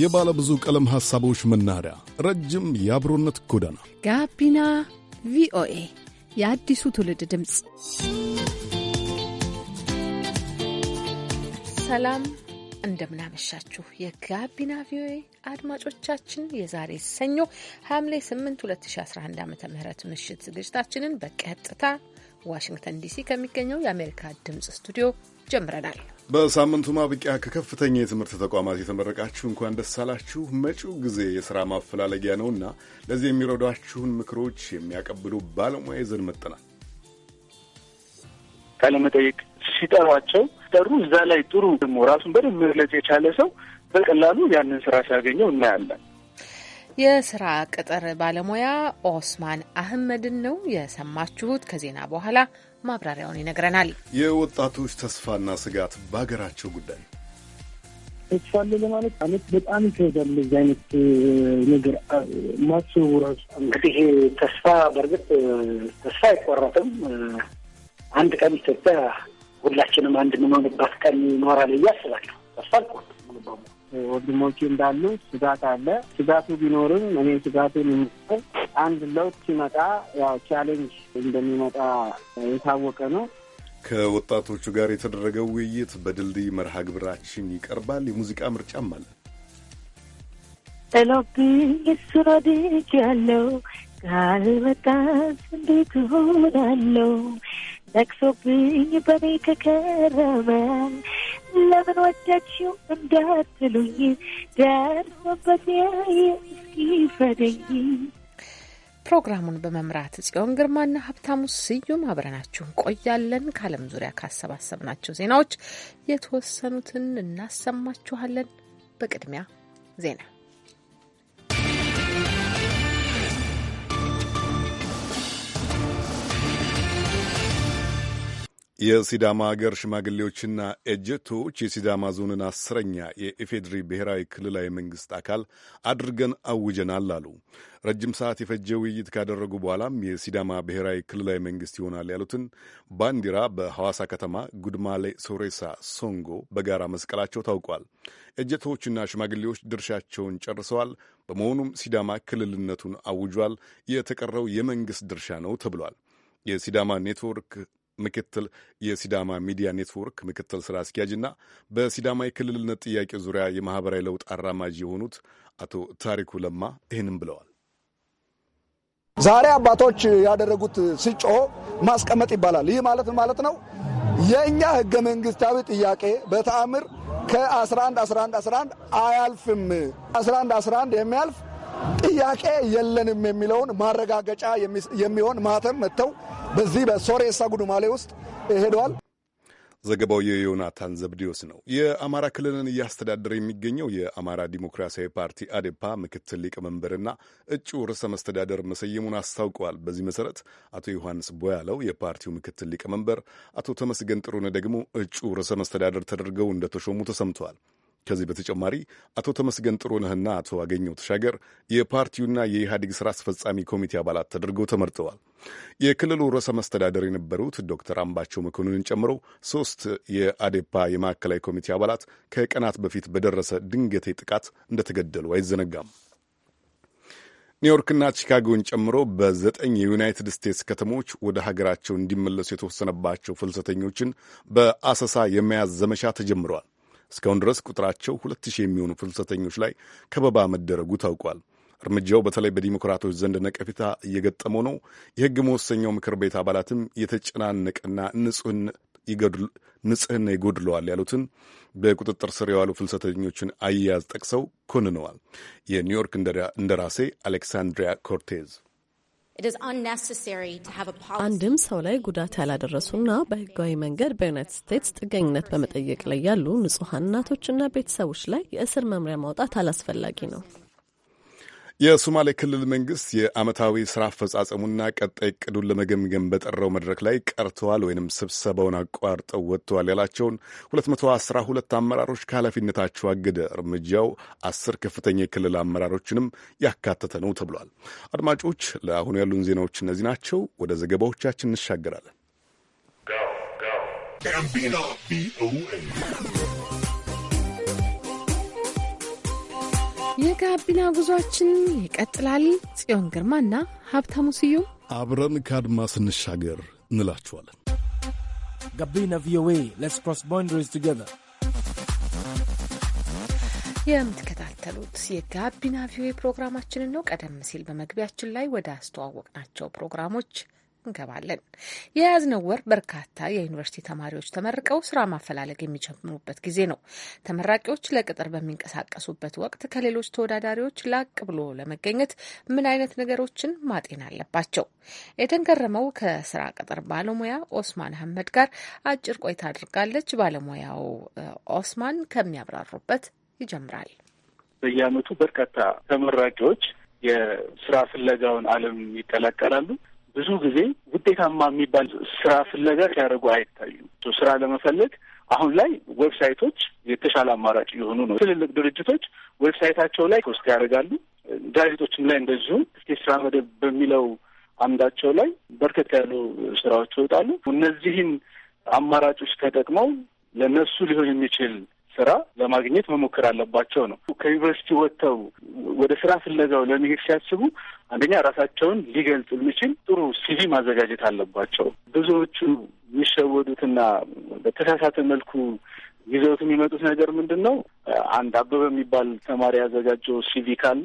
የባለ ብዙ ቀለም ሐሳቦች መናኸሪያ፣ ረጅም የአብሮነት ጎዳና ጋቢና ቪኦኤ የአዲሱ ትውልድ ድምፅ። ሰላም እንደምናመሻችሁ የጋቢና ቪኦኤ አድማጮቻችን የዛሬ ሰኞ ሐምሌ 8 2011 ዓ ም ምሽት ዝግጅታችንን በቀጥታ ዋሽንግተን ዲሲ ከሚገኘው የአሜሪካ ድምፅ ስቱዲዮ ጀምረናል። በሳምንቱ ማብቂያ ከከፍተኛ የትምህርት ተቋማት የተመረቃችሁ እንኳን ደስ አላችሁ። መጪው ጊዜ የሥራ ማፈላለጊያ ነውና ለዚህ የሚረዷችሁን ምክሮች የሚያቀብሉ ባለሙያ ይዘን መጥተናል። ካለመጠየቅ ሲጠሯቸው ጠሩ እዛ ላይ ጥሩ ደግሞ ራሱን በደንብ መግለጽ የቻለ ሰው በቀላሉ ያንን ስራ ሲያገኘው እናያለን። የስራ ቅጥር ባለሙያ ኦስማን አህመድን ነው የሰማችሁት። ከዜና በኋላ ማብራሪያውን ይነግረናል። የወጣቶች ተስፋና ስጋት በሀገራቸው ጉዳይ ተስፋ አለ ለማለት ማለት በጣም ይከብዳል። እዚህ አይነት ነገር ማሰቡ ራሱ እንግዲህ ተስፋ በእርግጥ ተስፋ አይቆረጥም። አንድ ቀን ኢትዮጵያ ሁላችንም አንድ የምንሆንባት ቀን ይኖራል እያስባለሁ። ተስፋ አልቆርጥም። ወንድሞቼ እንዳሉ ስጋት አለ። ስጋቱ ቢኖርም እኔ ስጋቱን የምሰው አንድ ለውጥ ሲመጣ ያው ቻሌንጅ እንደሚመጣ የታወቀ ነው። ከወጣቶቹ ጋር የተደረገው ውይይት በድልድይ መርሃ ግብራችን ይቀርባል። የሙዚቃ ምርጫም አለ። ጥሎብኝ ያለው ቃል ካልመጣስ እንዴት ሆናለው ነቅሶብኝ በኔ ከከረመ ለምን ወደድሽው እንዳትሉኝ ደርሶበት እስኪፈደኝ። ፕሮግራሙን በመምራት ጽዮን ግርማና ሀብታሙ ስዩም አብረናችሁ እንቆያለን። ከዓለም ዙሪያ ካሰባሰብናቸው ዜናዎች የተወሰኑትን እናሰማችኋለን። በቅድሚያ ዜና የሲዳማ አገር ሽማግሌዎችና ኤጀቶዎች የሲዳማ ዞንን አስረኛ የኢፌድሪ ብሔራዊ ክልላዊ መንግሥት አካል አድርገን አውጀናል አሉ። ረጅም ሰዓት የፈጀ ውይይት ካደረጉ በኋላም የሲዳማ ብሔራዊ ክልላዊ መንግሥት ይሆናል ያሉትን ባንዲራ በሐዋሳ ከተማ ጉድማሌ ሶሬሳ ሶንጎ በጋራ መስቀላቸው ታውቋል። ኤጀቶዎችና ሽማግሌዎች ድርሻቸውን ጨርሰዋል። በመሆኑም ሲዳማ ክልልነቱን አውጇል። የተቀረው የመንግሥት ድርሻ ነው ተብሏል። የሲዳማ ኔትወርክ ምክትል የሲዳማ ሚዲያ ኔትወርክ ምክትል ስራ አስኪያጅና በሲዳማ የክልልነት ጥያቄ ዙሪያ የማህበራዊ ለውጥ አራማጅ የሆኑት አቶ ታሪኩ ለማ ይህንም ብለዋል። ዛሬ አባቶች ያደረጉት ስጮ ማስቀመጥ ይባላል። ይህ ማለት ማለት ነው የእኛ ህገ መንግስታዊ ጥያቄ በተአምር ከ11 11 11 አያልፍም። 11 11 የሚያልፍ ጥያቄ የለንም የሚለውን ማረጋገጫ የሚሆን ማተም መጥተው በዚህ በሶሬሳ ጉዱማሌ ውስጥ ሄደዋል። ዘገባው የዮናታን ዘብዲዮስ ነው። የአማራ ክልልን እያስተዳደረ የሚገኘው የአማራ ዲሞክራሲያዊ ፓርቲ አዴፓ ምክትል ሊቀመንበርና እጩ ርዕሰ መስተዳደር መሰየሙን አስታውቀዋል። በዚህ መሰረት አቶ ዮሐንስ ቦያለው የፓርቲው ምክትል ሊቀመንበር፣ አቶ ተመስገን ጥሩነ ደግሞ እጩ ርዕሰ መስተዳደር ተደርገው እንደተሾሙ ተሰምተዋል። ከዚህ በተጨማሪ አቶ ተመስገን ጥሩነህና አቶ አገኘው ተሻገር የፓርቲውና የኢህአዴግ ስራ አስፈጻሚ ኮሚቴ አባላት ተደርገው ተመርጠዋል። የክልሉ ርዕሰ መስተዳደር የነበሩት ዶክተር አምባቸው መኮንንን ጨምሮ ሶስት የአዴፓ የማዕከላዊ ኮሚቴ አባላት ከቀናት በፊት በደረሰ ድንገቴ ጥቃት እንደተገደሉ አይዘነጋም። ኒውዮርክና ቺካጎን ጨምሮ በዘጠኝ የዩናይትድ ስቴትስ ከተሞች ወደ ሀገራቸው እንዲመለሱ የተወሰነባቸው ፍልሰተኞችን በአሰሳ የመያዝ ዘመቻ ተጀምረዋል። እስካሁን ድረስ ቁጥራቸው ሁለት ሺህ የሚሆኑ ፍልሰተኞች ላይ ከበባ መደረጉ ታውቋል። እርምጃው በተለይ በዲሞክራቶች ዘንድ ነቀፌታ እየገጠመው ነው። የሕግ መወሰኛው ምክር ቤት አባላትም የተጨናነቀና ንጽህና ይጎድለዋል ያሉትን በቁጥጥር ስር የዋሉ ፍልሰተኞችን አያያዝ ጠቅሰው ኮንነዋል። የኒውዮርክ እንደራሴ አሌክሳንድሪያ ኮርቴዝ አንድም ሰው ላይ ጉዳት ያላደረሱና በህጋዊ መንገድ በዩናይትድ ስቴትስ ጥገኝነት በመጠየቅ ላይ ያሉ ንጹሐን እናቶችና ቤተሰቦች ላይ የእስር መምሪያ ማውጣት አላስፈላጊ ነው። የሶማሌ ክልል መንግስት የአመታዊ ስራ አፈጻጸሙና ቀጣይ እቅዱን ለመገምገም በጠራው መድረክ ላይ ቀርተዋል ወይንም ስብሰባውን አቋርጠው ወጥተዋል ያላቸውን 212 አመራሮች ከኃላፊነታቸው አገደ። እርምጃው አስር ከፍተኛ የክልል አመራሮችንም ያካተተ ነው ተብሏል። አድማጮች፣ ለአሁኑ ያሉን ዜናዎች እነዚህ ናቸው። ወደ ዘገባዎቻችን እንሻገራለን። የጋቢና ጉዟችን ይቀጥላል። ጽዮን ግርማና ሀብታሙ ስዩም አብረን ከአድማ ስንሻገር እንላችኋለን። ጋቢና ቪኦኤ ሌትስ ክሮስ ቦንደሪስ ቱጌዘር የምትከታተሉት የጋቢና ቪኦኤ ፕሮግራማችንን ነው። ቀደም ሲል በመግቢያችን ላይ ወደ አስተዋወቅናቸው ፕሮግራሞች እንገባለን። የያዝነው ወር በርካታ የዩኒቨርሲቲ ተማሪዎች ተመርቀው ስራ ማፈላለግ የሚጀምሩበት ጊዜ ነው። ተመራቂዎች ለቅጥር በሚንቀሳቀሱበት ወቅት ከሌሎች ተወዳዳሪዎች ላቅ ብሎ ለመገኘት ምን አይነት ነገሮችን ማጤን አለባቸው? ኤደን ገረመው ከስራ ቅጥር ባለሙያ ኦስማን አህመድ ጋር አጭር ቆይታ አድርጋለች። ባለሙያው ኦስማን ከሚያብራሩበት ይጀምራል። በየአመቱ በርካታ ተመራቂዎች የስራ ፍለጋውን አለም ይቀላቀላሉ። ብዙ ጊዜ ውጤታማ የሚባል ስራ ፍለጋ ሲያደርጉ አይታዩም። ስራ ለመፈለግ አሁን ላይ ዌብሳይቶች የተሻለ አማራጭ እየሆኑ ነው። ትልልቅ ድርጅቶች ዌብሳይታቸው ላይ ፖስት ያደርጋሉ። ጋዜጦችም ላይ እንደዚሁ የስራ መደብ በሚለው አምዳቸው ላይ በርከት ያሉ ስራዎች ይወጣሉ። እነዚህን አማራጮች ተጠቅመው ለነሱ ሊሆን የሚችል ስራ ለማግኘት መሞከር አለባቸው ነው። ከዩኒቨርሲቲ ወጥተው ወደ ስራ ፍለጋው ለመሄድ ሲያስቡ አንደኛ ራሳቸውን ሊገልጽ የሚችል ጥሩ ሲቪ ማዘጋጀት አለባቸው። ብዙዎቹ የሚሸወዱትና በተሳሳተ መልኩ ይዘውት የሚመጡት ነገር ምንድን ነው? አንድ አበበ የሚባል ተማሪ ያዘጋጀው ሲቪ ካለ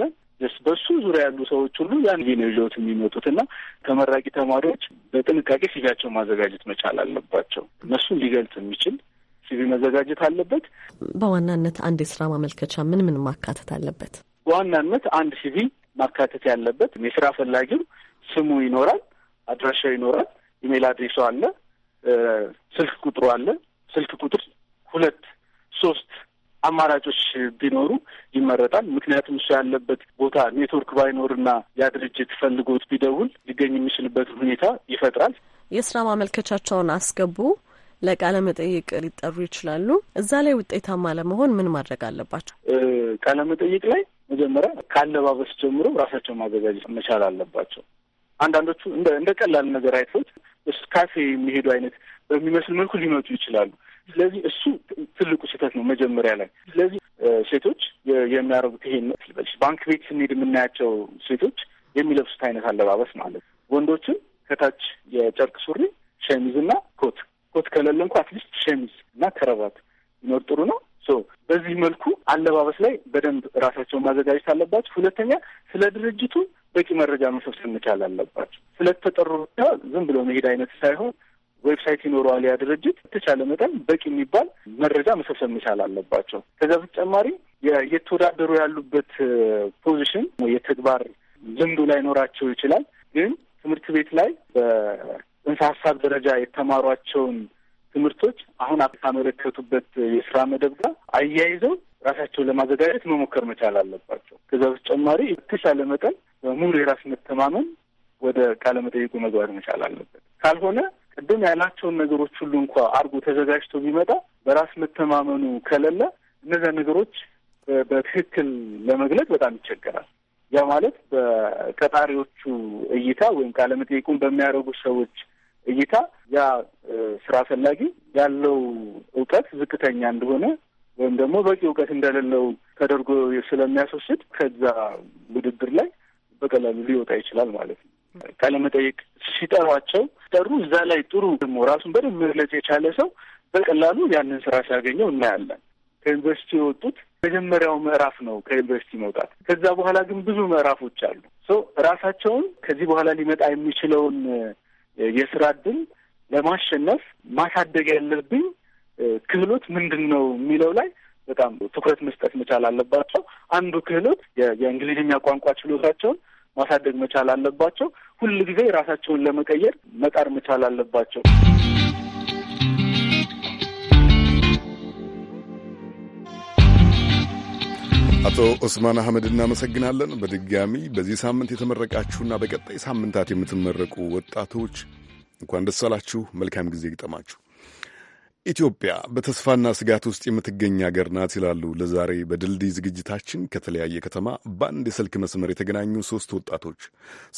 በሱ ዙሪያ ያሉ ሰዎች ሁሉ ያን ነው ይዘውት የሚመጡት እና ተመራቂ ተማሪዎች በጥንቃቄ ሲቪያቸው ማዘጋጀት መቻል አለባቸው። እነሱን ሊገልጽ የሚችል ሲቪ መዘጋጀት አለበት። በዋናነት አንድ የስራ ማመልከቻ ምን ምን ማካተት አለበት? በዋናነት አንድ ሲቪ ማካተት ያለበት የስራ ፈላጊው ስሙ ይኖራል፣ አድራሻው ይኖራል፣ ኢሜል አድሬሱ አለ፣ ስልክ ቁጥሩ አለ። ስልክ ቁጥር ሁለት ሶስት አማራጮች ቢኖሩ ይመረጣል። ምክንያቱም እሱ ያለበት ቦታ ኔትወርክ ባይኖርና ያ ድርጅት ፈልጎት ቢደውል ሊገኝ የሚችልበትን ሁኔታ ይፈጥራል። የስራ ማመልከቻቸውን አስገቡ። ለቃለ መጠይቅ ሊጠሩ ይችላሉ። እዛ ላይ ውጤታማ ለመሆን ምን ማድረግ አለባቸው? ቃለ መጠይቅ ላይ መጀመሪያ ካለባበስ ጀምሮ ራሳቸውን ማዘጋጀት መቻል አለባቸው። አንዳንዶቹ እንደ ቀላል ነገር አይቶት ካፌ የሚሄዱ አይነት በሚመስል መልኩ ሊመጡ ይችላሉ። ስለዚህ እሱ ትልቁ ስህተት ነው መጀመሪያ ላይ። ስለዚህ ሴቶች የሚያደርጉት ይሄ ባንክ ቤት ስንሄድ የምናያቸው ሴቶች የሚለብሱት አይነት አለባበስ ማለት ወንዶችም ከታች የጨርቅ ሱሪ ሸሚዝና ኮት ኮት ከሌለ እንኳ አትሊስት ሸሚዝ እና ከረባት ይኖር ጥሩ ነው። በዚህ መልኩ አለባበስ ላይ በደንብ ራሳቸውን ማዘጋጀት አለባቸው። ሁለተኛ ስለ ድርጅቱ በቂ መረጃ መሰብሰብ መቻል አለባቸው። ስለተጠሩ ብቻ ዝም ብሎ መሄድ አይነት ሳይሆን ዌብሳይት ይኖረዋል ያ ድርጅት የተቻለ መጠን በቂ የሚባል መረጃ መሰብሰብ መቻል አለባቸው። ከዚያ በተጨማሪ የተወዳደሩ ያሉበት ፖዚሽን የተግባር ልምዱ ላይኖራቸው ይችላል። ግን ትምህርት ቤት ላይ ጽንሰ ሀሳብ ደረጃ የተማሯቸውን ትምህርቶች አሁን ካመለከቱበት የስራ መደብ ጋር አያይዘው ራሳቸውን ለማዘጋጀት መሞከር መቻል አለባቸው። ከዛ በተጨማሪ የተሻለ መጠን በሙሉ የራስ መተማመን ወደ ቃለ መጠይቁ መግባት መቻል አለበት። ካልሆነ ቅድም ያላቸውን ነገሮች ሁሉ እንኳ አድርጎ ተዘጋጅቶ ቢመጣ በራስ መተማመኑ ከሌለ እነዚያ ነገሮች በትክክል ለመግለጽ በጣም ይቸገራል። ያ ማለት በቀጣሪዎቹ እይታ ወይም ቃለ መጠይቁን በሚያደርጉ ሰዎች እይታ ያ ስራ ፈላጊ ያለው እውቀት ዝቅተኛ እንደሆነ ወይም ደግሞ በቂ እውቀት እንደሌለው ተደርጎ ስለሚያስወስድ ከዛ ውድድር ላይ በቀላሉ ሊወጣ ይችላል ማለት ነው። ካለመጠየቅ ሲጠሯቸው ሲጠሩ እዛ ላይ ጥሩ ደግሞ ራሱን በደንብ መግለጽ የቻለ ሰው በቀላሉ ያንን ስራ ሲያገኘው እናያለን። ከዩኒቨርሲቲ የወጡት መጀመሪያው ምዕራፍ ነው ከዩኒቨርሲቲ መውጣት። ከዛ በኋላ ግን ብዙ ምዕራፎች አሉ። ሶ ራሳቸውን ከዚህ በኋላ ሊመጣ የሚችለውን የስራ እድል ለማሸነፍ ማሳደግ ያለብኝ ክህሎት ምንድን ነው የሚለው ላይ በጣም ትኩረት መስጠት መቻል አለባቸው። አንዱ ክህሎት የእንግሊዝኛ ቋንቋ ችሎታቸውን ማሳደግ መቻል አለባቸው። ሁል ጊዜ ራሳቸውን ለመቀየር መጣር መቻል አለባቸው። አቶ ኦስማን አህመድ እናመሰግናለን። በድጋሚ በዚህ ሳምንት የተመረቃችሁና በቀጣይ ሳምንታት የምትመረቁ ወጣቶች እንኳን ደስ አላችሁ። መልካም ጊዜ ይግጠማችሁ። ኢትዮጵያ በተስፋና ስጋት ውስጥ የምትገኝ ሀገር ናት ይላሉ ለዛሬ በድልድይ ዝግጅታችን ከተለያየ ከተማ በአንድ የስልክ መስመር የተገናኙ ሶስት ወጣቶች።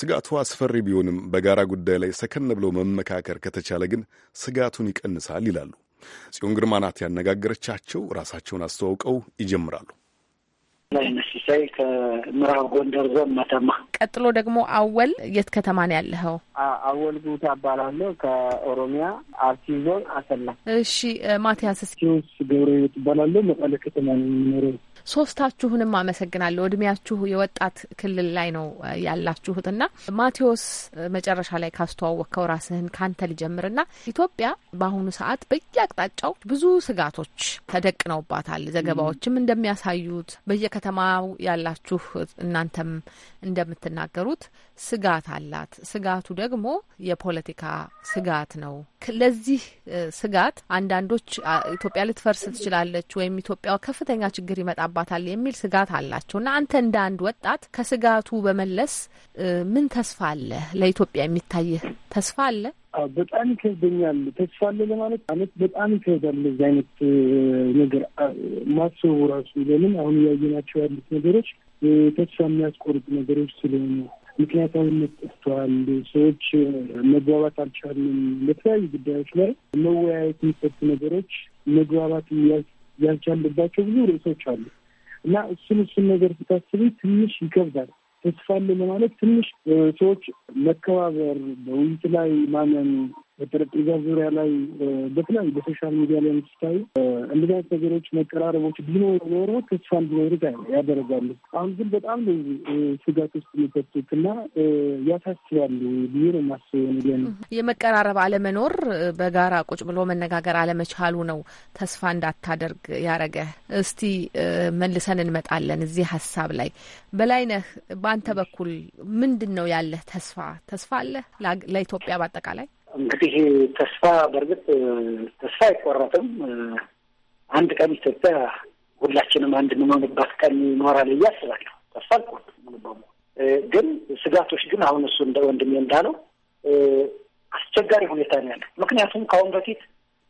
ስጋቱ አስፈሪ ቢሆንም በጋራ ጉዳይ ላይ ሰከን ብሎ መመካከር ከተቻለ ግን ስጋቱን ይቀንሳል ይላሉ። ጽዮን ግርማ ናት ያነጋገረቻቸው። ራሳቸውን አስተዋውቀው ይጀምራሉ። ላይ መሲሳይ ከምዕራብ ጎንደር ዞን መተማ። ቀጥሎ ደግሞ አወል፣ የት ከተማ ነው ያለኸው? አወል ጉታ እባላለሁ ከኦሮሚያ አርሲ ዞን አሰላ። እሺ ማቲያስ፣ እስኪ ገብረ ይባላለሁ መቀለ ከተማ ነው የሚኖረው። ሶስታችሁንም አመሰግናለሁ። እድሜያችሁ የወጣት ክልል ላይ ነው ያላችሁትና ማቴዎስ መጨረሻ ላይ ካስተዋወቅከው ራስህን ካንተ ና ኢትዮጵያ በአሁኑ ሰዓት በየአቅጣጫው ብዙ ስጋቶች ተደቅነውባታል። ዘገባዎችም እንደሚያሳዩት በየከተማው ያላችሁ እናንተም እንደምትናገሩት ስጋት አላት። ስጋቱ ደግሞ የፖለቲካ ስጋት ነው። ለዚህ ስጋት አንዳንዶች ኢትዮጵያ ልትፈርስ ትችላለች ወይም ኢትዮጵያ ከፍተኛ ችግር ይመጣባታል የሚል ስጋት አላቸው እና አንተ እንደ አንድ ወጣት ከስጋቱ በመለስ ምን ተስፋ አለ? ለኢትዮጵያ የሚታይህ ተስፋ አለ? በጣም ይከብደኛል። ተስፋ አለ ለማለት አመት በጣም ይከብዳል። ለዚህ አይነት ነገር ማሰቡ ራሱ ለምን አሁን እያየናቸው ያሉት ነገሮች ተስፋ የሚያስቆርጥ ነገሮች ስለሆኑ ምክንያታዊነት ጠፍቷል። ሰዎች መግባባት አልቻልንም። በተለያዩ ጉዳዮች ላይ መወያየት የሚፈቱ ነገሮች መግባባት ያልቻልባቸው ብዙ ርዕሶች አሉ እና እሱን እሱን ነገር ስታስብ ትንሽ ይከብዳል። ተስፋ አለ ለማለት ትንሽ ሰዎች መከባበር፣ በውይይት ላይ ማመን በጠረጴዛ ዙሪያ ላይ በተለያዩ በሶሻል ሚዲያ ላይ ሲታዩ እንደዚህ አይነት ነገሮች መቀራረቦች ቢኖሩ ኖሮ ተስፋ እንዲኖሩት ያደረጋሉ። አሁን ግን በጣም ስጋት ውስጥ የሚከቱት እና ያሳስባሉ ብዬ ነው የማስበው። የመቀራረብ አለመኖር በጋራ ቁጭ ብሎ መነጋገር አለመቻሉ ነው ተስፋ እንዳታደርግ ያረገ። እስቲ መልሰን እንመጣለን እዚህ ሀሳብ ላይ በላይነህ፣ በአንተ በኩል ምንድን ነው ያለህ ተስፋ? ተስፋ አለህ ለኢትዮጵያ በአጠቃላይ? እንግዲህ ተስፋ በእርግጥ ተስፋ አይቆረጥም። አንድ ቀን ኢትዮጵያ ሁላችንም አንድ የምንሆንባት ቀን ይኖራል ብዬ አስባለሁ። ተስፋ አልቆረጥም። ግን ስጋቶች ግን አሁን እሱ እንደ ወንድሜ እንዳለው አስቸጋሪ ሁኔታ ነው ያለው። ምክንያቱም ከአሁን በፊት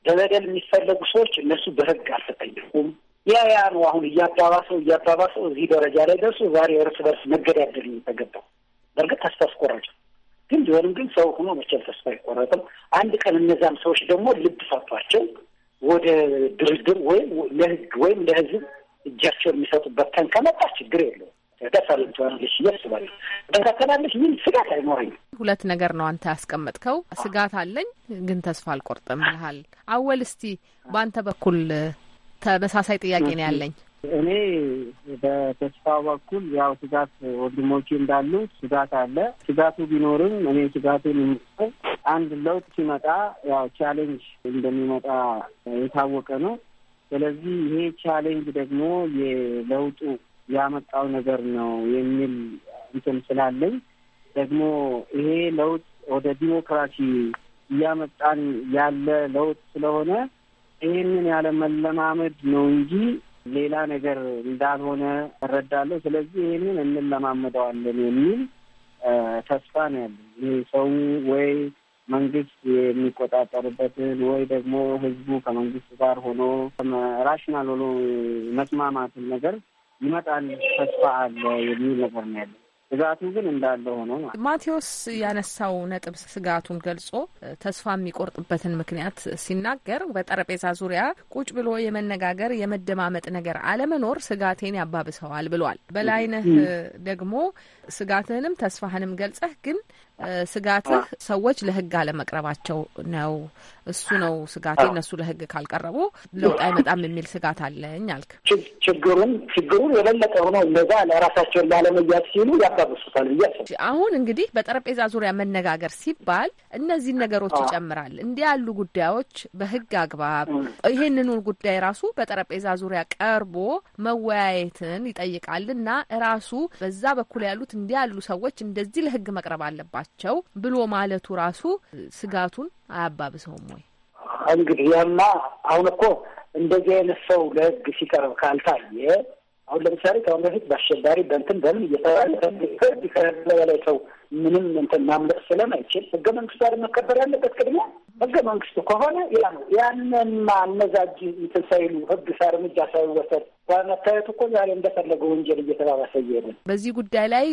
ለበደል የሚፈለጉ ሰዎች እነሱ በህግ አልተጠየቁም። ያ ያ ነው አሁን እያባባሰው እያባባሰው እዚህ ደረጃ ላይ ደርሶ ዛሬ እርስ በርስ መገዳደል የሚተገባው በእርግጥ ተስፋ አስቆራጭ ግን ቢሆንም ግን ሰው ሆኖ መቼም ተስፋ አይቆረጥም። አንድ ቀን እነዛም ሰዎች ደግሞ ልብ ሰጥቷቸው ወደ ድርድር ወይም ለህግ ወይም ለህዝብ እጃቸው የሚሰጡበት ቀን ከመጣ ችግር የለውም። ሁለት ነገር ነው አንተ ያስቀመጥከው። ስጋት አለኝ ግን ተስፋ አልቆርጥም ብልሃል። አወል እስቲ በአንተ በኩል ተመሳሳይ ጥያቄ ነው ያለኝ። እኔ በተስፋ በኩል ያው ስጋት ወንድሞቼ እንዳሉ ስጋት አለ። ስጋቱ ቢኖርም እኔ ስጋቱን የሚሰው አንድ ለውጥ ሲመጣ ያው ቻሌንጅ እንደሚመጣ የታወቀ ነው። ስለዚህ ይሄ ቻሌንጅ ደግሞ የለውጡ ያመጣው ነገር ነው የሚል እንትን ስላለኝ ደግሞ ይሄ ለውጥ ወደ ዲሞክራሲ እያመጣን ያለ ለውጥ ስለሆነ ይህንን ያለ መለማመድ ነው እንጂ ሌላ ነገር እንዳልሆነ እረዳለሁ። ስለዚህ ይህንን እንለማመደዋለን የሚል ተስፋ ነው ያለ። ይህ ሰው ወይ መንግስት የሚቆጣጠርበትን ወይ ደግሞ ህዝቡ ከመንግስት ጋር ሆኖ ራሽናል ሆኖ መስማማትን ነገር ይመጣል ተስፋ አለ የሚል ነገር ነው ያለ። ስጋቱ ግን እንዳለ ሆኖ ማለት ማቴዎስ ያነሳው ነጥብ ስጋቱን ገልጾ ተስፋ የሚቆርጥበትን ምክንያት ሲናገር በጠረጴዛ ዙሪያ ቁጭ ብሎ የመነጋገር የመደማመጥ ነገር አለመኖር ስጋቴን ያባብሰዋል ብሏል። በላይነህ ደግሞ ስጋትህንም ተስፋህንም ገልጸህ ግን ስጋትህ ሰዎች ለህግ አለመቅረባቸው ነው። እሱ ነው ስጋቴ። እነሱ ለህግ ካልቀረቡ ለውጥ አይመጣም የሚል ስጋት አለኝ አልክ። ችግሩን ችግሩን የበለጠ ሆኖ እነዛ ለራሳቸውን ላለመያዝ ሲሉ ያባብሱታል አሁን እንግዲህ በጠረጴዛ ዙሪያ መነጋገር ሲባል እነዚህን ነገሮች ይጨምራል። እንዲህ ያሉ ጉዳዮች በህግ አግባብ ይህንኑ ጉዳይ ራሱ በጠረጴዛ ዙሪያ ቀርቦ መወያየትን ይጠይቃል እና ራሱ በዛ በኩል ያሉት እንዲህ ያሉ ሰዎች እንደዚህ ለህግ መቅረብ አለባቸው ናቸው ብሎ ማለቱ ራሱ ስጋቱን አያባብሰውም ወይ? እንግዲህ ያማ አሁን እኮ እንደዚህ አይነት ሰው ለህግ ሲቀርብ ካልታየ አሁን ለምሳሌ ከአሁን በፊት በአሸባሪ በንትን በምን እየተባለ ከበላይ ሰው ምንም እንትን ማምለጥ ስለማይችል ህገ መንግስቱ አይደል መከበር ያለበት ቅድሚያ ህገ መንግስቱ ከሆነ ያ ነው። ያንን አነዛጅ እንትን ሳይሉ ህግ ሳር እርምጃ ሳይወሰድ በመታየቱ እኮ ዛሬ እንደፈለገው ወንጀል እየተባባሰ እየሄደ በዚህ ጉዳይ ላይ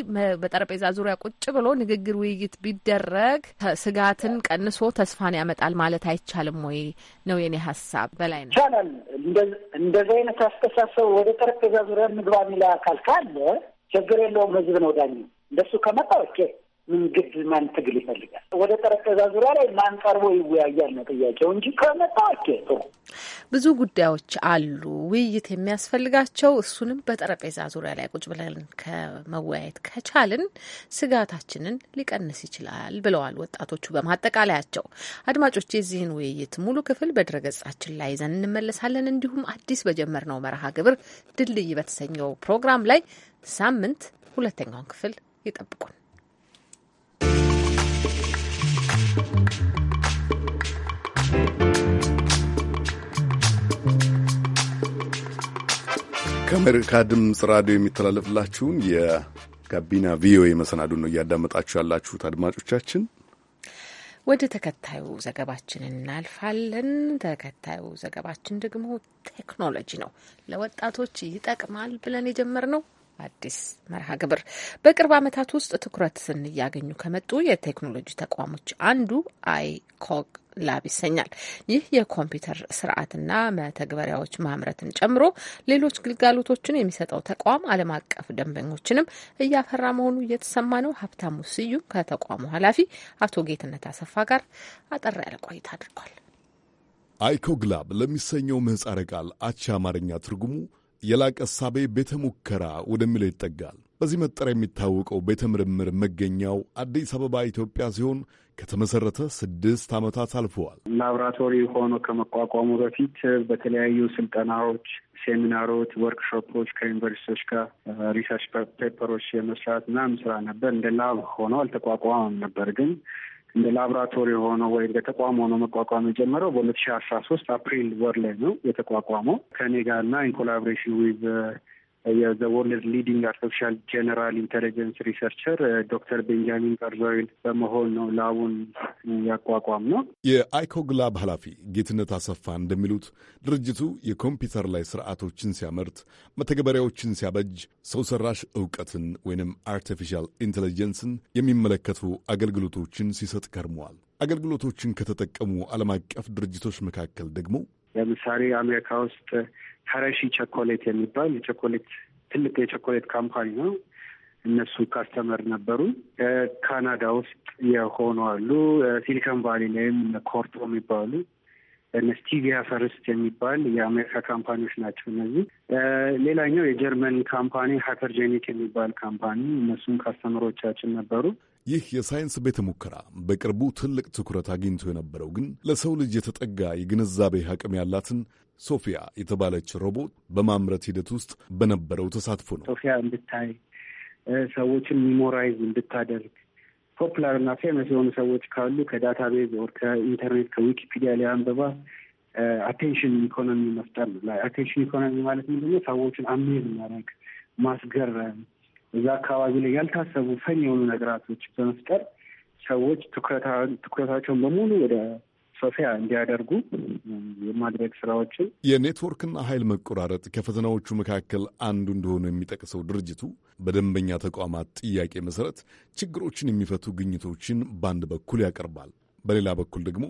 በጠረጴዛ ዙሪያ ቁጭ ብሎ ንግግር፣ ውይይት ቢደረግ ስጋትን ቀንሶ ተስፋን ያመጣል ማለት አይቻልም ወይ ነው የኔ ሀሳብ። በላይ ነው ይቻላል። እንደዚህ አይነት አስተሳሰብ ወደ ጠረጴዛ ዙሪያ ምግባ የሚል አካል ካለ ችግር የለውም። ህዝብ ነው ዳኝ። እንደሱ ከመጣ ኦኬ ምንግድ ማን ትግል ይፈልጋል? ወደ ጠረጴዛ ዙሪያ ላይ ማን ቀርቦ ይወያያል ነው ጥያቄው እንጂ ከመጣ ጥሩ ብዙ ጉዳዮች አሉ ውይይት የሚያስፈልጋቸው። እሱንም በጠረጴዛ ዙሪያ ላይ ቁጭ ብለን ከመወያየት ከቻልን ስጋታችንን ሊቀንስ ይችላል ብለዋል ወጣቶቹ በማጠቃለያቸው። አድማጮች የዚህን ውይይት ሙሉ ክፍል በድረገጻችን ላይ ይዘን እንመለሳለን። እንዲሁም አዲስ በጀመርነው መርሃ ግብር ድልድይ በተሰኘው ፕሮግራም ላይ ሳምንት ሁለተኛውን ክፍል ይጠብቁን። ከአሜሪካ ድምፅ ራዲዮ የሚተላለፍላችሁን የጋቢና ቪኦኤ መሰናዱን ነው እያዳመጣችሁ ያላችሁት አድማጮቻችን። ወደ ተከታዩ ዘገባችን እናልፋለን። ተከታዩ ዘገባችን ደግሞ ቴክኖሎጂ ነው። ለወጣቶች ይጠቅማል ብለን የጀመርነው አዲስ መርሃ ግብር በቅርብ ዓመታት ውስጥ ትኩረትን እያገኙ ከመጡ የቴክኖሎጂ ተቋሞች አንዱ አይኮግ ላብ ይሰኛል። ይህ የኮምፒውተር ስርዓትና መተግበሪያዎች ማምረትን ጨምሮ ሌሎች ግልጋሎቶችን የሚሰጠው ተቋም ዓለም አቀፍ ደንበኞችንም እያፈራ መሆኑ እየተሰማ ነው። ሀብታሙ ስዩም ከተቋሙ ኃላፊ አቶ ጌትነት አሰፋ ጋር አጠር ያለ ቆይታ አድርጓል። አይኮግላብ ለሚሰኘው ምህጻረ ቃል አቻ አማርኛ ትርጉሙ የላቀ ሳቤ ቤተ ሙከራ ወደሚለው ይጠጋል። በዚህ መጠሪያ የሚታወቀው ቤተ ምርምር መገኛው አዲስ አበባ ኢትዮጵያ ሲሆን ከተመሰረተ ስድስት ዓመታት አልፈዋል። ላብራቶሪ ሆኖ ከመቋቋሙ በፊት በተለያዩ ስልጠናዎች፣ ሴሚናሮች፣ ወርክሾፖች ከዩኒቨርሲቲዎች ጋር ሪሰርች ፔፐሮች የመስራት ምናምን ስራ ነበር። እንደ ላብ ሆኖ አልተቋቋመም ነበር ግን እንደ ላብራቶሪ ሆኖ ወይም በተቋም ሆኖ መቋቋም የጀመረው በሁለት ሺ አስራ ሶስት አፕሪል ወር ላይ ነው የተቋቋመው ከኔ ጋር እና ኢንኮላቦሬሽን ዊዝ የዘወርልድ ሊዲንግ አርቲፊሻል ጀነራል ኢንቴሊጀንስ ሪሰርቸር ዶክተር ቤንጃሚን ቀርዛዊን በመሆን ነው ላቡን ያቋቋም ነው። የአይኮግ ላብ ኃላፊ ጌትነት አሰፋ እንደሚሉት ድርጅቱ የኮምፒውተር ላይ ስርዓቶችን ሲያመርት፣ መተግበሪያዎችን ሲያበጅ ሰው ሰራሽ እውቀትን ወይንም አርቲፊሻል ኢንቴሊጀንስን የሚመለከቱ አገልግሎቶችን ሲሰጥ ከርመዋል። አገልግሎቶችን ከተጠቀሙ ዓለም አቀፍ ድርጅቶች መካከል ደግሞ ለምሳሌ አሜሪካ ውስጥ ሀረሺ ቸኮሌት የሚባል የቸኮሌት ትልቅ የቸኮሌት ካምፓኒ ነው። እነሱ ካስተመር ነበሩ። ካናዳ ውስጥ የሆኑ አሉ። ሲሊከን ቫሊ ላይም ኮርቶ የሚባሉ ስቲቪያ ፈርስት የሚባል የአሜሪካ ካምፓኒዎች ናቸው እነዚህ። ሌላኛው የጀርመን ካምፓኒ ሃይፐርጄኒክ የሚባል ካምፓኒ እነሱም ካስተምሮቻችን ነበሩ። ይህ የሳይንስ ቤተ ሙከራ በቅርቡ ትልቅ ትኩረት አግኝቶ የነበረው ግን ለሰው ልጅ የተጠጋ የግንዛቤ አቅም ያላትን ሶፊያ የተባለች ሮቦት በማምረት ሂደት ውስጥ በነበረው ተሳትፎ ነው። ሶፊያ እንድታይ ሰዎችን ሚሞራይዝ እንድታደርግ ፖፑላር እና ፌመስ የሆኑ ሰዎች ካሉ ከዳታቤዝ ወር ከኢንተርኔት ከዊኪፒዲያ ላይ አንበባ አቴንሽን ኢኮኖሚ መፍጠር ነው። ላይ አቴንሽን ኢኮኖሚ ማለት ምንድነው? ሰዎችን አሜዝ ማድረግ፣ ማስገረም እዛ አካባቢ ላይ ያልታሰቡ ፈን የሆኑ ነገራቶች በመፍጠር ሰዎች ትኩረታቸውን በሙሉ ወደ ማስፋፊያ እንዲያደርጉ የማድረግ ስራዎችን የኔትወርክና ኃይል መቆራረጥ ከፈተናዎቹ መካከል አንዱ እንደሆነ የሚጠቅሰው ድርጅቱ በደንበኛ ተቋማት ጥያቄ መሰረት ችግሮችን የሚፈቱ ግኝቶችን በአንድ በኩል ያቀርባል፣ በሌላ በኩል ደግሞ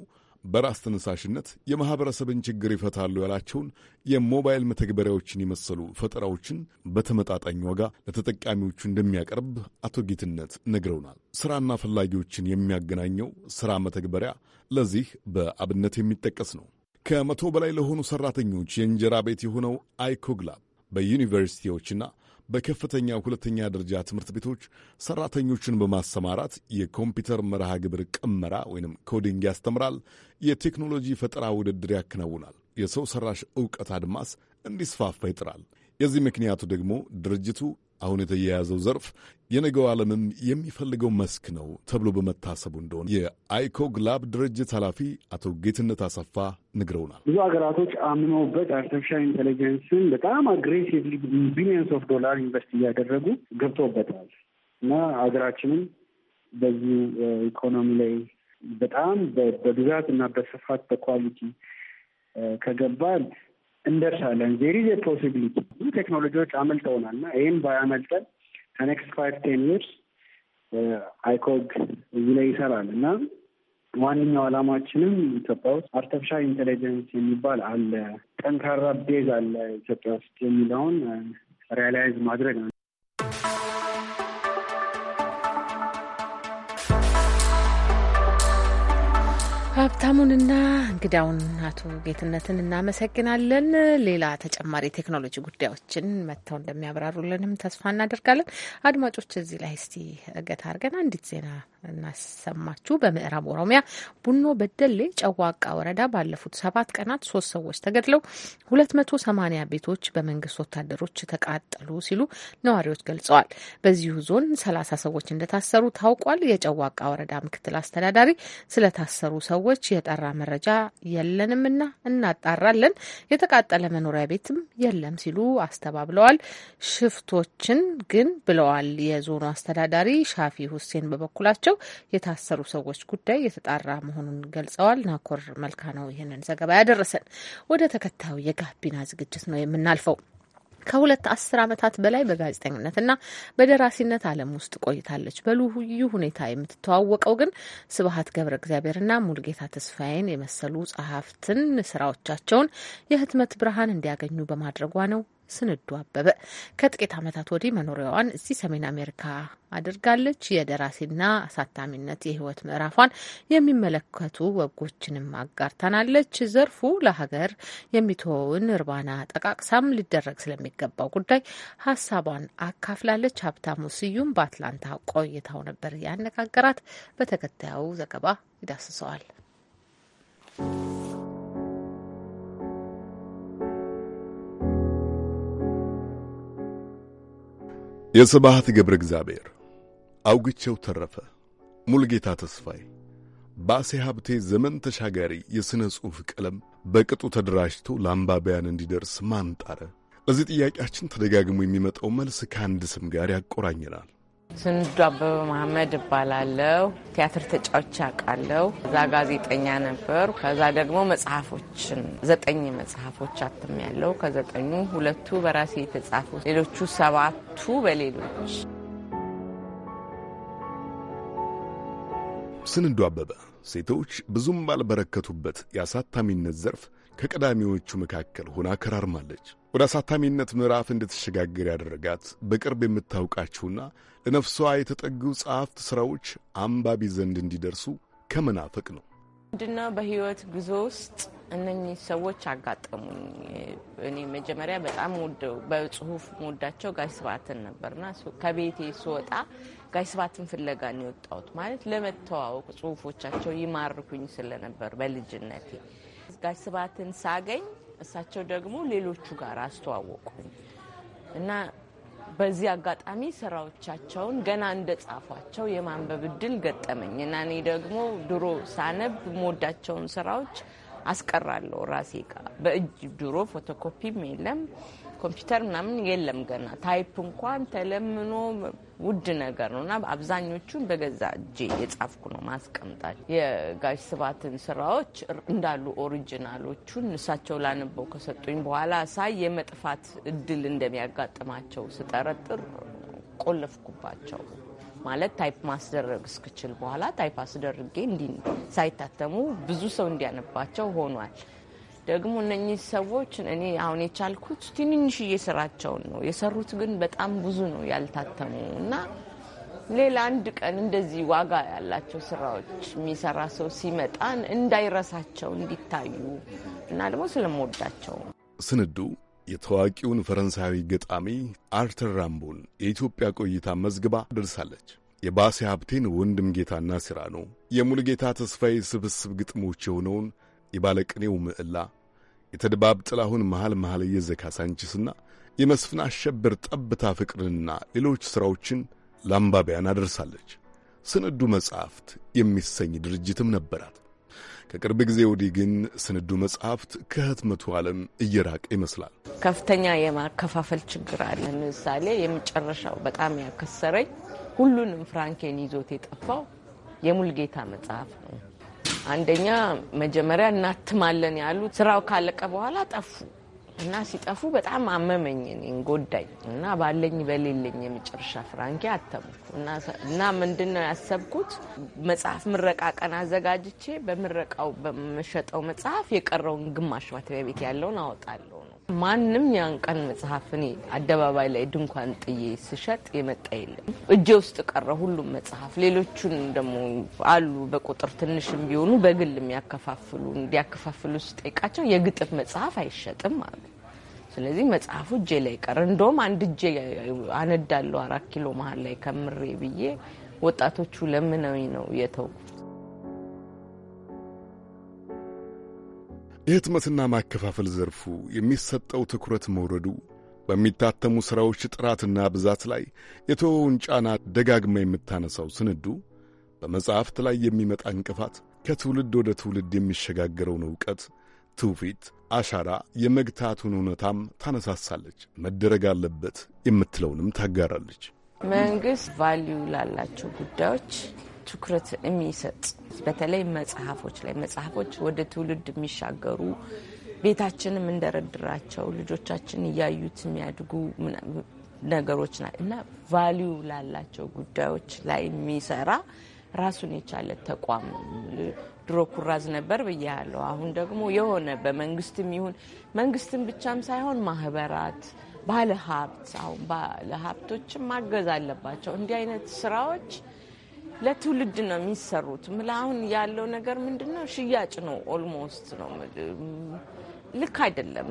በራስ ተነሳሽነት የማኅበረሰብን ችግር ይፈታሉ ያላቸውን የሞባይል መተግበሪያዎችን የመሰሉ ፈጠራዎችን በተመጣጣኝ ዋጋ ለተጠቃሚዎቹ እንደሚያቀርብ አቶ ጌትነት ነግረውናል። ሥራና ፈላጊዎችን የሚያገናኘው ሥራ መተግበሪያ ለዚህ በአብነት የሚጠቀስ ነው። ከመቶ በላይ ለሆኑ ሠራተኞች የእንጀራ ቤት የሆነው አይኮግላብ በዩኒቨርሲቲዎችና በከፍተኛ ሁለተኛ ደረጃ ትምህርት ቤቶች ሰራተኞችን በማሰማራት የኮምፒውተር መርሃ ግብር ቅመራ ወይም ኮዲንግ ያስተምራል። የቴክኖሎጂ ፈጠራ ውድድር ያከናውናል። የሰው ሰራሽ እውቀት አድማስ እንዲስፋፋ ይጥራል። የዚህ ምክንያቱ ደግሞ ድርጅቱ አሁን የተያያዘው ዘርፍ የነገው ዓለምም የሚፈልገው መስክ ነው ተብሎ በመታሰቡ እንደሆነ የአይኮግ ላብ ድርጅት ኃላፊ አቶ ጌትነት አሰፋ ነግረውናል። ብዙ ሀገራቶች አምነውበት አርቲፊሻል ኢንቴሊጀንስን በጣም አግሬሲቭሊ ቢሊዮንስ ኦፍ ዶላር ኢንቨስት እያደረጉ ገብተውበታል እና ሀገራችንም በዚህ ኢኮኖሚ ላይ በጣም በብዛት እና በስፋት በኳሊቲ ከገባ እንደርሳለን። ዜሪ ዘ ፖሲቢሊቲ ብዙ ቴክኖሎጂዎች አመልጠውናል እና ይህም ባያመልጠን ከኔክስት ፋይቭ ቴን ይርስ አይኮግ እዚህ ላይ ይሰራል እና ዋነኛው ዓላማችንም ኢትዮጵያ ውስጥ አርቲፊሻል ኢንቴሊጀንስ የሚባል አለ ጠንካራ ቤዝ አለ ኢትዮጵያ ውስጥ የሚለውን ሪያላይዝ ማድረግ ነው። ሀብታሙንና እንግዳውን አቶ ጌትነትን እናመሰግናለን። ሌላ ተጨማሪ ቴክኖሎጂ ጉዳዮችን መጥተው እንደሚያብራሩልንም ተስፋ እናደርጋለን። አድማጮች እዚህ ላይ እስቲ እገት አድርገን አንዲት ዜና እናሰማችሁ። በምዕራብ ኦሮሚያ ቡኖ በደሌ ጨዋቃ ወረዳ ባለፉት ሰባት ቀናት ሶስት ሰዎች ተገድለው ሁለት መቶ ሰማኒያ ቤቶች በመንግስት ወታደሮች ተቃጠሉ ሲሉ ነዋሪዎች ገልጸዋል። በዚሁ ዞን ሰላሳ ሰዎች እንደታሰሩ ታውቋል። የጨዋቃ ወረዳ ምክትል አስተዳዳሪ ስለታሰሩ ሰዎች ሰዎች የጠራ መረጃ የለንምና እናጣራለን። የተቃጠለ መኖሪያ ቤትም የለም ሲሉ አስተባብለዋል። ሽፍቶችን ግን ብለዋል። የዞኑ አስተዳዳሪ ሻፊ ሁሴን በበኩላቸው የታሰሩ ሰዎች ጉዳይ የተጣራ መሆኑን ገልጸዋል። ናኮር መልካ ነው ይህንን ዘገባ ያደረሰን። ወደ ተከታዩ የጋቢና ዝግጅት ነው የምናልፈው። ከሁለት አስር ዓመታት በላይ በጋዜጠኝነትና በደራሲነት ዓለም ውስጥ ቆይታለች። በልዩ ሁኔታ የምትተዋወቀው ግን ስብሀት ገብረ እግዚአብሔርና ሙልጌታ ተስፋዬን የመሰሉ ጸሐፍትን ስራዎቻቸውን የህትመት ብርሃን እንዲያገኙ በማድረጓ ነው። ስንዱ አበበ ከጥቂት ዓመታት ወዲህ መኖሪያዋን እዚህ ሰሜን አሜሪካ አድርጋለች። የደራሲና አሳታሚነት የህይወት ምዕራፏን የሚመለከቱ ወጎችንም አጋርተናለች ዘርፉ ለሀገር የሚተወውን እርባና ጠቃቅሳም ሊደረግ ስለሚገባው ጉዳይ ሀሳቧን አካፍላለች። ሀብታሙ ስዩም በአትላንታ ቆይታው ነበር ያነጋገራት። በተከታዩ ዘገባ ይዳስሰዋል። የስብሐት ገብረ እግዚአብሔር፣ አውግቸው ተረፈ፣ ሙልጌታ ተስፋዬ በአሴ ሀብቴ ዘመን ተሻጋሪ የሥነ ጽሑፍ ቀለም በቅጡ ተደራጅቶ ለአንባቢያን እንዲደርስ ማን ጣረ? ለዚህ ጥያቄያችን ተደጋግሞ የሚመጣው መልስ ከአንድ ስም ጋር ያቆራኝናል። ስንዱ አበበ መሀመድ እባላለሁ። ቲያትር ተጫዎች አውቃለሁ። ከዛ ጋዜጠኛ ነበሩ። ከዛ ደግሞ መጽሐፎችን ዘጠኝ መጽሐፎች አትም ያለው ከዘጠኙ ሁለቱ በራሴ የተጻፉ ሌሎቹ ሰባቱ በሌሎች ስንዱ አበበ ሴቶች ብዙም ባልበረከቱበት የአሳታሚነት ዘርፍ ከቀዳሚዎቹ መካከል ሆና ከራርማለች። ወደ አሳታሚነት ምዕራፍ እንድትሸጋገር ያደረጋት በቅርብ የምታውቃችሁና ለነፍሷ የተጠጉ ጸሐፍት ሥራዎች አንባቢ ዘንድ እንዲደርሱ ከመናፈቅ ነው። ምንድና በህይወት ጉዞ ውስጥ እነኚህ ሰዎች አጋጠሙኝ። እኔ መጀመሪያ በጣም ወደው በጽሁፍ መወዳቸው ጋሽ ስብሐትን ነበርና ከቤቴ ስወጣ ጋሽ ስብሐትን ፍለጋ ነው የወጣሁት። ማለት ለመተዋወቅ ጽሁፎቻቸው ይማርኩኝ ስለነበር በልጅነቴ ጋሽ ስብሀትን ሳገኝ እሳቸው ደግሞ ሌሎቹ ጋር አስተዋወቁኝ እና በዚህ አጋጣሚ ስራዎቻቸውን ገና እንደ ጻፏቸው የማንበብ እድል ገጠመኝ እና እኔ ደግሞ ድሮ ሳነብ ሞዳቸውን ስራዎች አስቀራለሁ ራሴ ጋ በእጅ ድሮ ፎቶኮፒም የለም ኮምፒውተር ምናምን የለም ገና ታይፕ እንኳን ተለምኖ ውድ ነገር ነው እና አብዛኞቹን በገዛ እጄ የጻፍኩ ነው ማስቀምጣል። የጋሽ ስባትን ስራዎች እንዳሉ ኦሪጂናሎቹን እሳቸው ላንበው ከሰጡኝ በኋላ ሳይ የመጥፋት እድል እንደሚያጋጥማቸው ስጠረጥር ቆለፍኩባቸው። ማለት ታይፕ ማስደረግ እስክችል በኋላ ታይፕ አስደርጌ እንዲ ሳይታተሙ ብዙ ሰው እንዲያነባቸው ሆኗል። ደግሞ እነኚህ ሰዎች እኔ አሁን የቻልኩት ትንንሽዬ ስራቸውን ነው የሰሩት፣ ግን በጣም ብዙ ነው ያልታተሙ እና ሌላ አንድ ቀን እንደዚህ ዋጋ ያላቸው ስራዎች የሚሰራ ሰው ሲመጣን እንዳይረሳቸው እንዲታዩ እና ደግሞ ስለምወዳቸው ስንዱ የታዋቂውን ፈረንሳዊ ገጣሚ አርተር ራምቦን የኢትዮጵያ ቆይታ መዝግባ ደርሳለች። የባሴ ሀብቴን ወንድም ጌታና ሲራ ነው የሙሉጌታ ተስፋዬ ስብስብ ግጥሞች የሆነውን የባለቅኔው ምዕላ፣ የተድባብ ጥላሁን መሃል መሃል የዘካ ሳንችስና የመስፍን አሸብር ጠብታ ፍቅርንና ሌሎች ሥራዎችን ለአንባቢያን አደርሳለች። ስንዱ መጻሕፍት የሚሰኝ ድርጅትም ነበራት። ከቅርብ ጊዜ ወዲህ ግን ስንዱ መጽሐፍት ከህትመቱ ዓለም እየራቀ ይመስላል። ከፍተኛ የማከፋፈል ችግር አለ። ለምሳሌ የመጨረሻው በጣም ያከሰረኝ ሁሉንም ፍራንኬን ይዞት የጠፋው የሙልጌታ መጽሐፍ ነው። አንደኛ መጀመሪያ እናትማለን ያሉት ስራው ካለቀ በኋላ ጠፉ እና ሲጠፉ በጣም አመመኝ፣ እኔን ጎዳኝ እና ባለኝ በሌለኝ የመጨረሻ ፍራንኪ አተሙ እና ምንድን ነው ያሰብኩት መጽሐፍ ምረቃ ቀን አዘጋጅቼ በምረቃው በመሸጠው መጽሐፍ የቀረውን ግማሽ ማተሚያ ቤት ያለውን አወጣለሁ ማንም ያን ቀን መጽሐፍ እኔ አደባባይ ላይ ድንኳን ጥዬ ስሸጥ የመጣ የለም። እጄ ውስጥ ቀረ ሁሉም መጽሐፍ። ሌሎቹን ደግሞ አሉ በቁጥር ትንሽም ቢሆኑ በግል የሚያከፋፍሉ እንዲያከፋፍሉ ስጠይቃቸው የግጥም መጽሐፍ አይሸጥም አሉ። ስለዚህ መጽሐፉ እጄ ላይ ቀረ። እንደውም አንድ እጄ አነዳለሁ አራት ኪሎ መሀል ላይ ከምሬ ብዬ ወጣቶቹ ለምነው ነው የተውኩት። የህትመትና ማከፋፈል ዘርፉ የሚሰጠው ትኩረት መውረዱ በሚታተሙ ሥራዎች ጥራትና ብዛት ላይ የተወውን ጫና ደጋግማ የምታነሳው ስንዱ በመጽሐፍት ላይ የሚመጣ እንቅፋት ከትውልድ ወደ ትውልድ የሚሸጋገረውን ዕውቀት፣ ትውፊት፣ አሻራ የመግታቱን እውነታም ታነሳሳለች። መደረግ አለበት የምትለውንም ታጋራለች። መንግሥት ቫልዩ ላላቸው ጉዳዮች ትኩረት የሚሰጥ በተለይ መጽሐፎች ላይ መጽሐፎች ወደ ትውልድ የሚሻገሩ ቤታችን የምንደረድራቸው ልጆቻችን እያዩት የሚያድጉ ነገሮች ና እና ቫሊዩ ላላቸው ጉዳዮች ላይ የሚሰራ ራሱን የቻለ ተቋም ድሮ ኩራዝ ነበር ብያለሁ። አሁን ደግሞ የሆነ በመንግስትም ይሁን መንግስትም ብቻም ሳይሆን ማህበራት፣ ባለሀብት አሁን ባለሀብቶችም ማገዝ አለባቸው። እንዲህ አይነት ስራዎች ለትውልድ ነው የሚሰሩት። አሁን ያለው ነገር ምንድን ነው? ሽያጭ ነው ኦልሞስት ነው። ልክ አይደለም።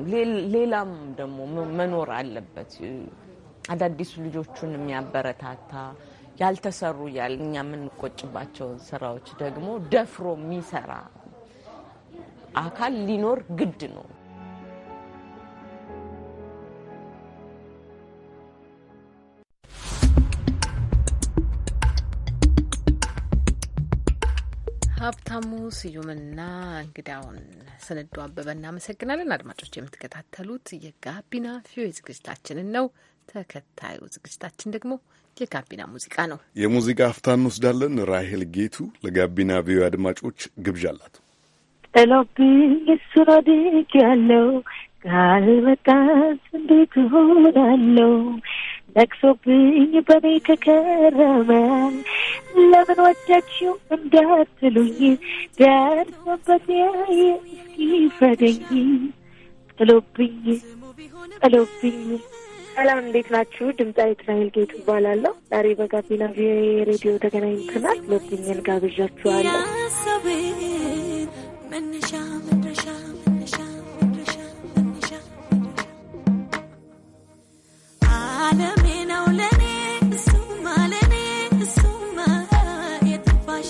ሌላም ደግሞ መኖር አለበት። አዳዲሱ ልጆቹን የሚያበረታታ ያልተሰሩ ያል እኛ የምንቆጭባቸውን ስራዎች ደግሞ ደፍሮ የሚሰራ አካል ሊኖር ግድ ነው። ሀብታሙ ስዩምና እንግዳውን ስንዱ አበበ እናመሰግናለን። አድማጮች የምትከታተሉት የጋቢና ፊዮ ዝግጅታችንን ነው። ተከታዩ ዝግጅታችን ደግሞ የጋቢና ሙዚቃ ነው። የሙዚቃ አፍታ እንወስዳለን። ራሄል ጌቱ ለጋቢና ቪዮ አድማጮች ግብዣ አላት። ጥሎብኝ እሱን ያለው ቃል በቃስ እንዴት እሆናለሁ ነግሶብኝ በኔ ከከረመ ለምን ወዳችሁ እንዳትሉኝ ደርሶበት እስኪ ፈደኝ ጥሎብኝ ጥሎብኝ። ሰላም እንዴት ናችሁ? ድምፃዊ ትናይል ጌቱ እባላለሁ። ዛሬ በጋቢና ቪኦኤ ሬዲዮ ተገናኝተናል። ጥሎብኝን ጋብዣችኋለሁ። ዓለሜ ነው ለኔ እሱማ ለኔ እሱማ የጠፋሽ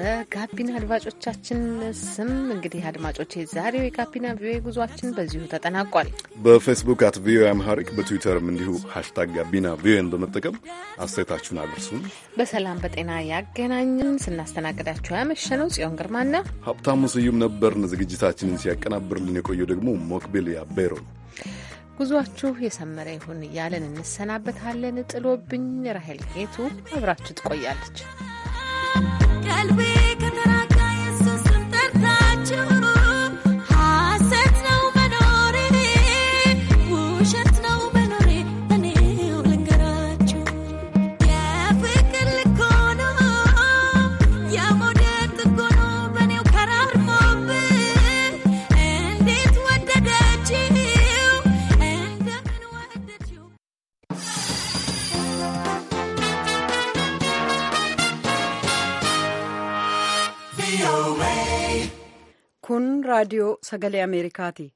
በጋቢና አድማጮቻችን ስም እንግዲህ አድማጮች የዛሬው የጋቢና ቪኦኤ ጉዟችን በዚሁ ተጠናቋል። በፌስቡክ አት ቪኦኤ አምሃሪክ በትዊተርም እንዲሁ ሀሽታግ ጋቢና ቪኦኤን በመጠቀም አስተያየታችሁን አድርሱን። በሰላም በጤና ያገናኝን። ስናስተናግዳችሁ ያመሸነው ጽዮን ግርማና ሀብታሙ ስዩም ነበርን። ዝግጅታችንን ሲያቀናብርልን የቆየው ደግሞ ሞክቤል ያቤሮ ነው። ጉዟችሁ የሰመረ ይሁን እያለን እንሰናበታለን። ጥሎብኝ ራሄል ጌቱ አብራችሁ ትቆያለች። radio sagalee Ameerikaati.